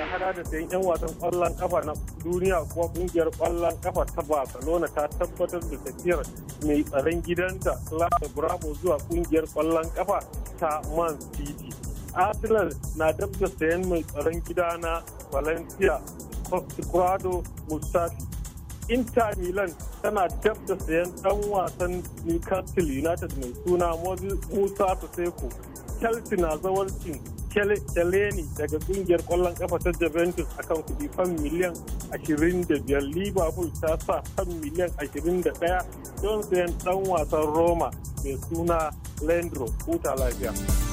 da hada da sayan 'yan wasan kwallon kafa na duniya kuma kungiyar kwallon kafa ta barcelona ta tabbatar da tafiyar mai tsaron gidanta clara bravo zuwa kungiyar kwallon kafa ta man city arsenal na dab da sayan mai tsaron gida na valencia Cuadrado Mustafi. Inter Milan tana dab da sayan dan wasan Newcastle United mai suna Musa Seko. Chelsea na zawarcin Cheleni daga kungiyar kwallon kafa ta Juventus akan kuɗi fan miliyan 25 Liverpool ta sa fan miliyan 21 don sayan ɗan wasan Roma mai suna lendro huta lafiya.